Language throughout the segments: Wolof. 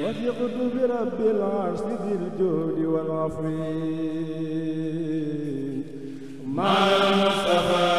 وفي قطب رب العرش ذي الجود والعفو مع المصطفى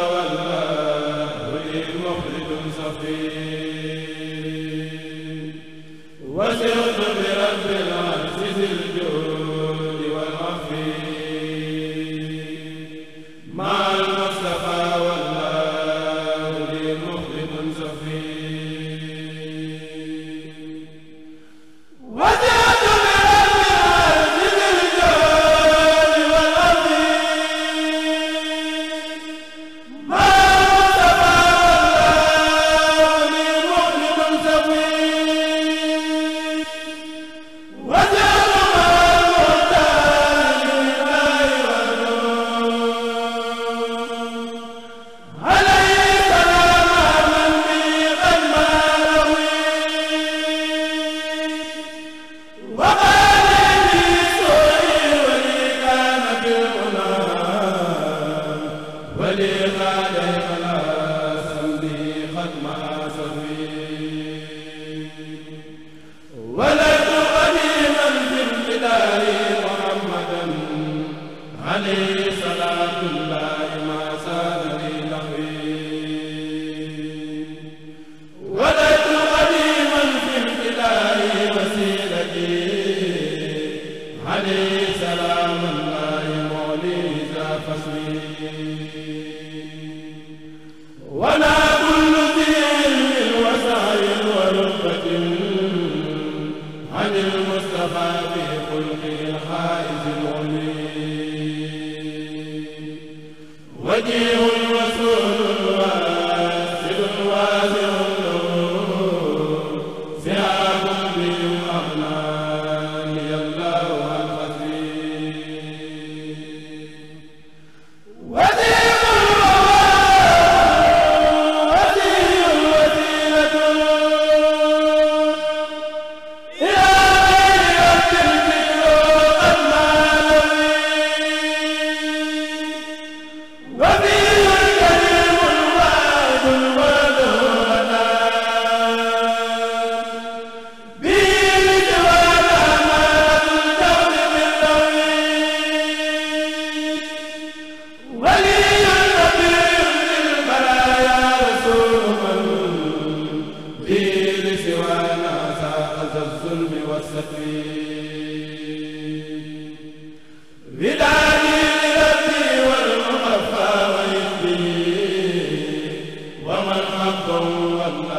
akbar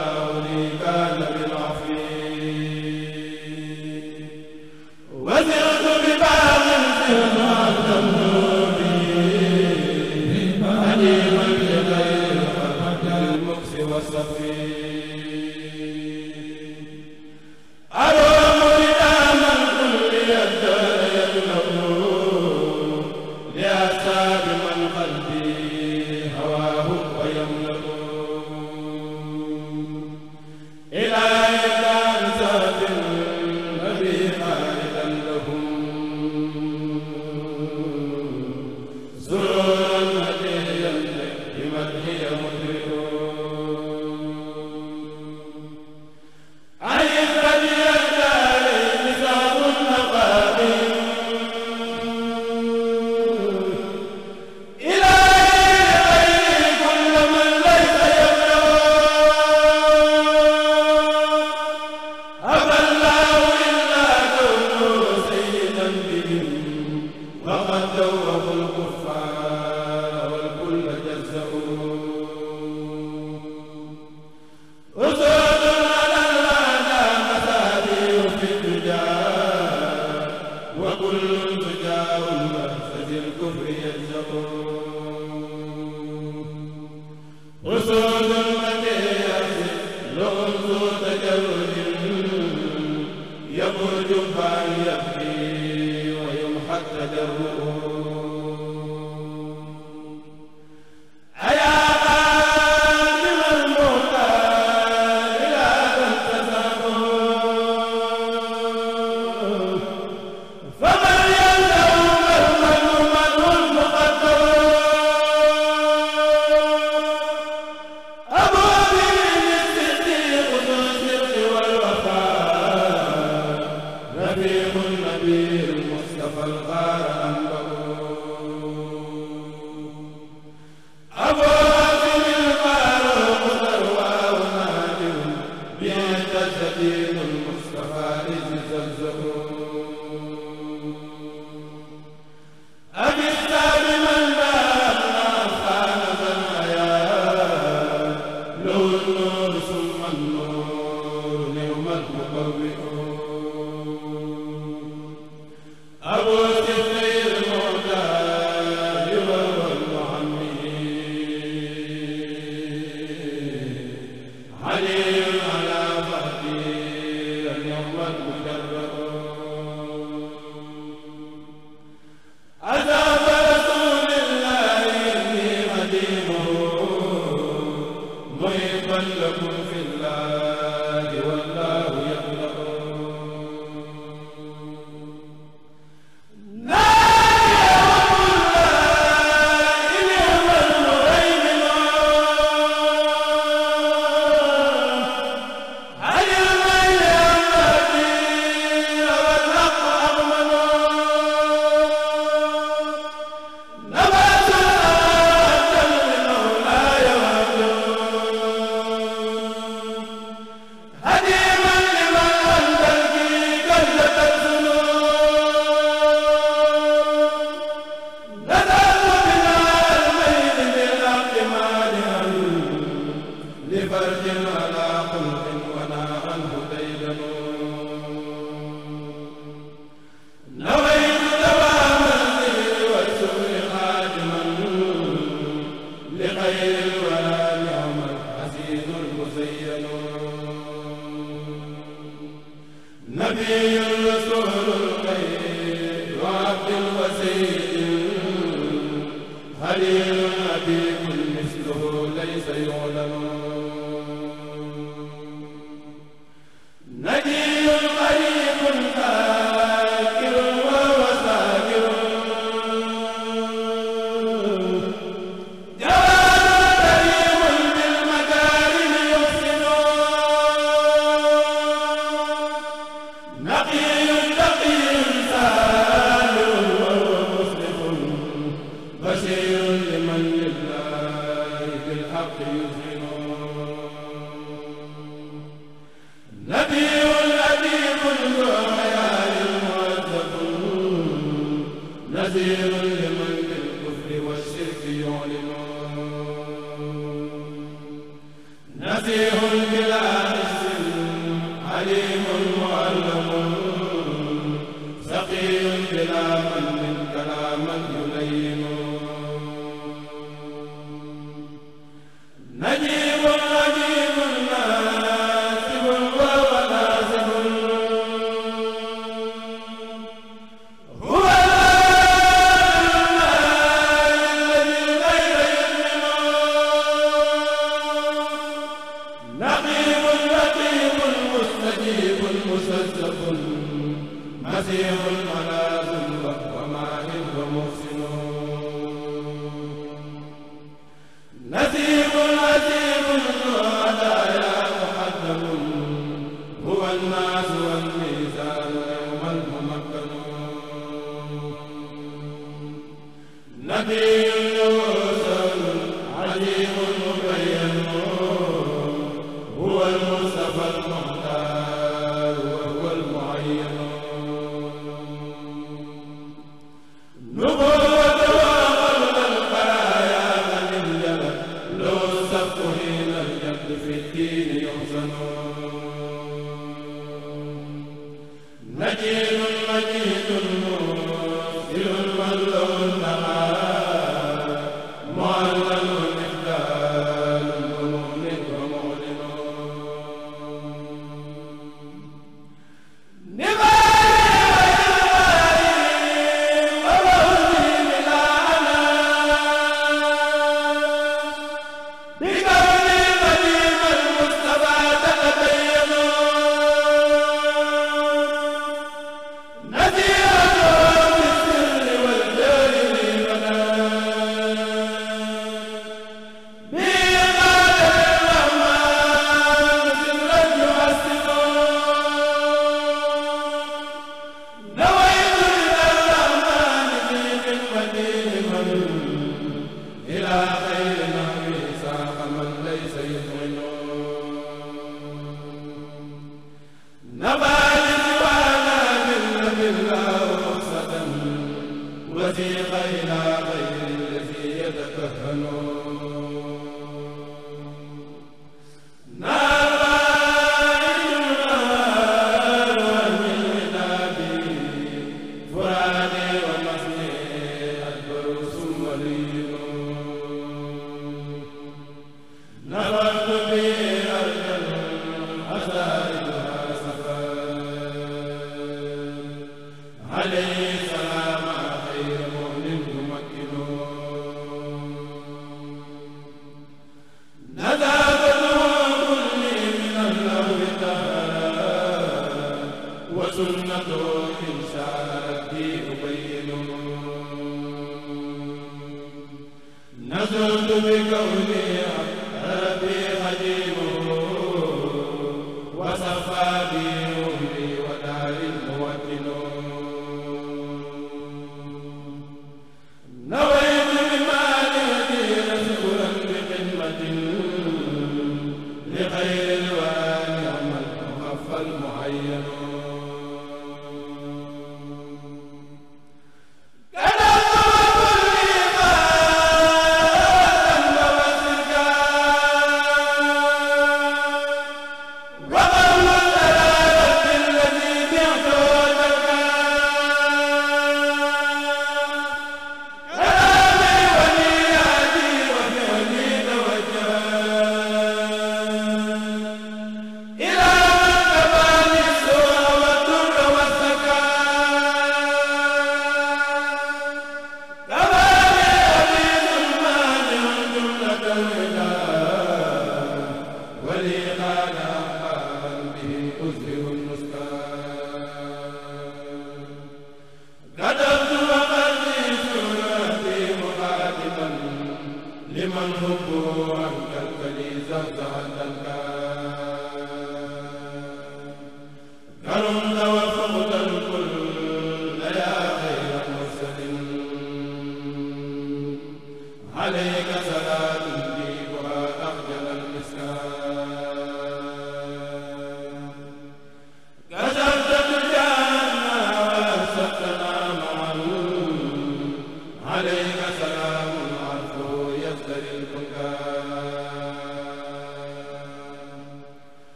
wa amiin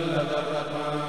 la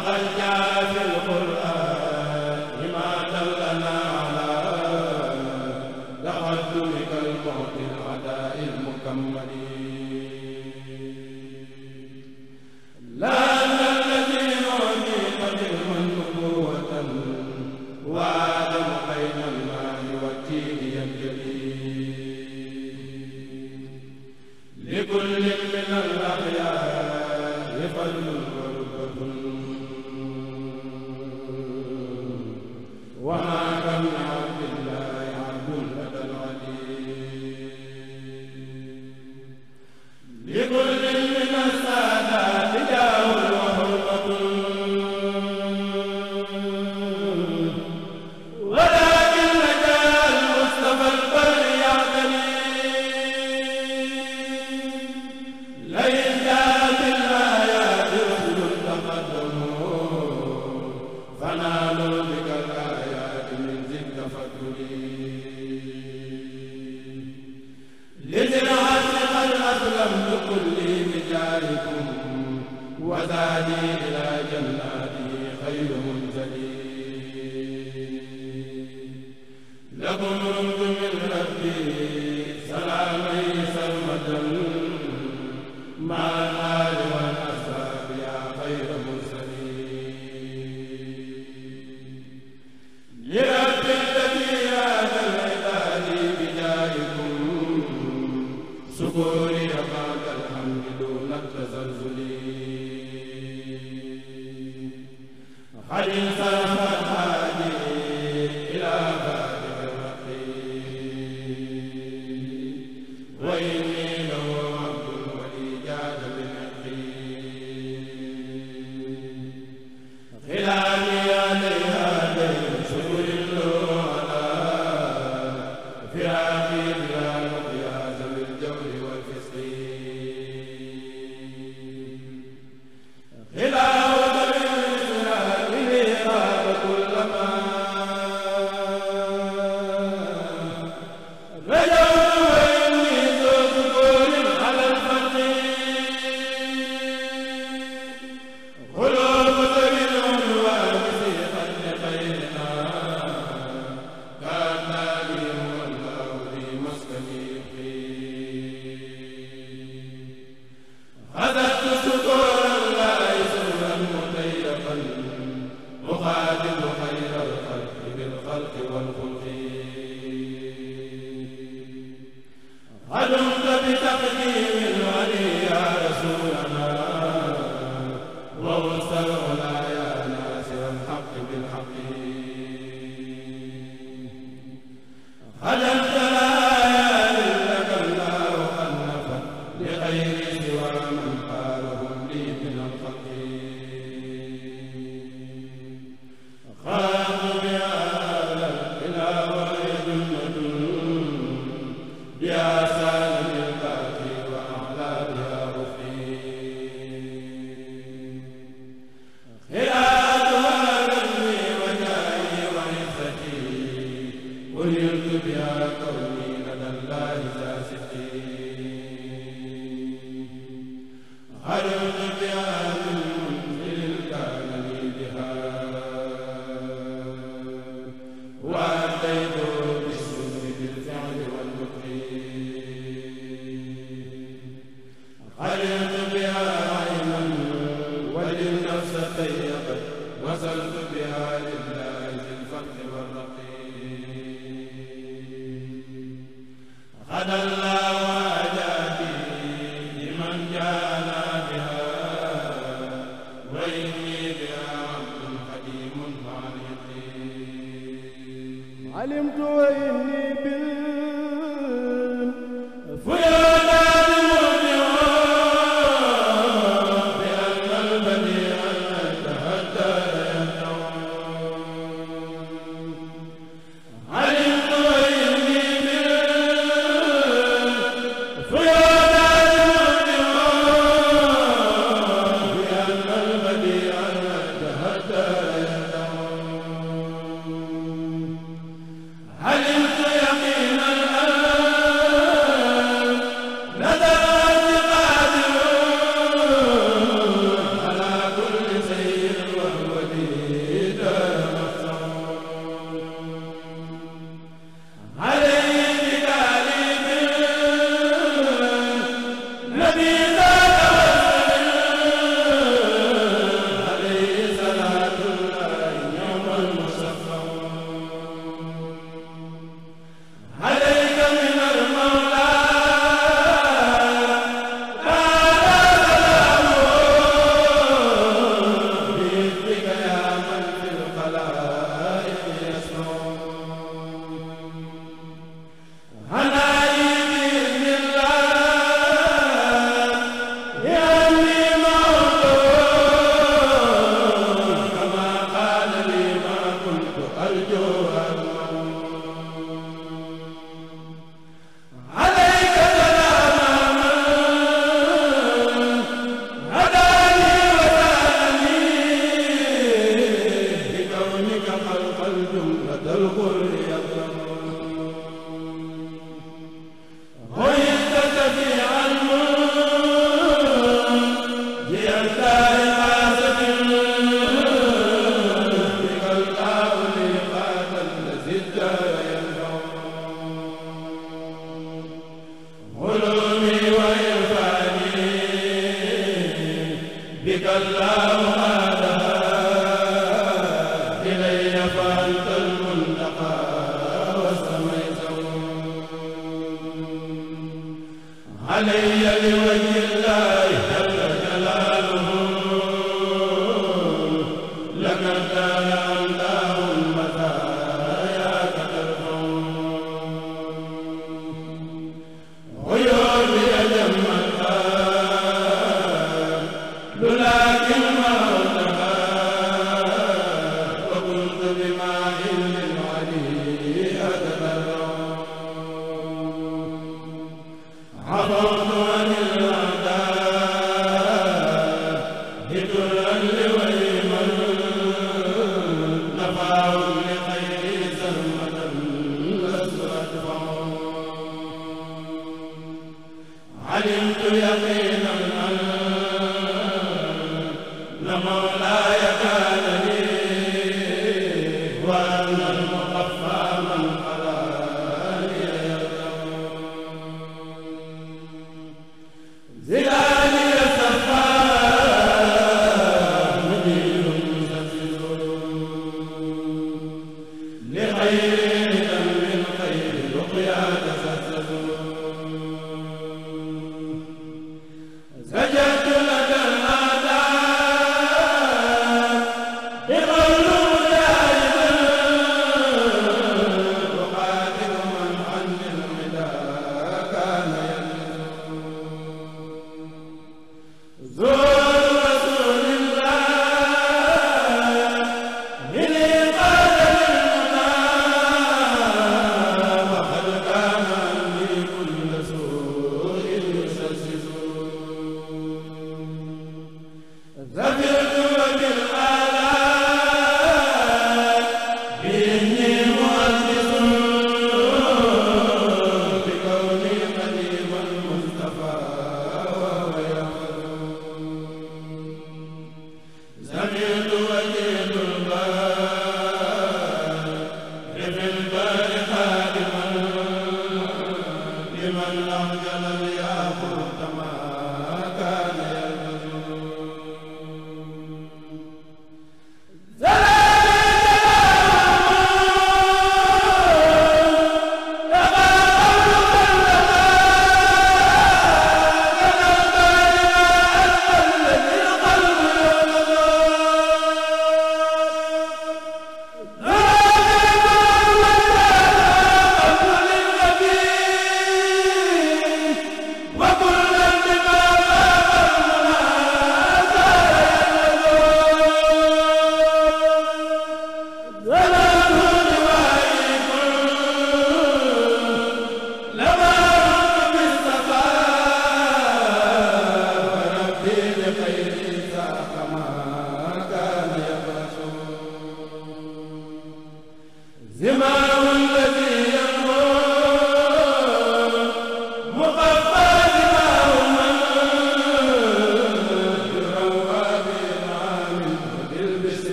la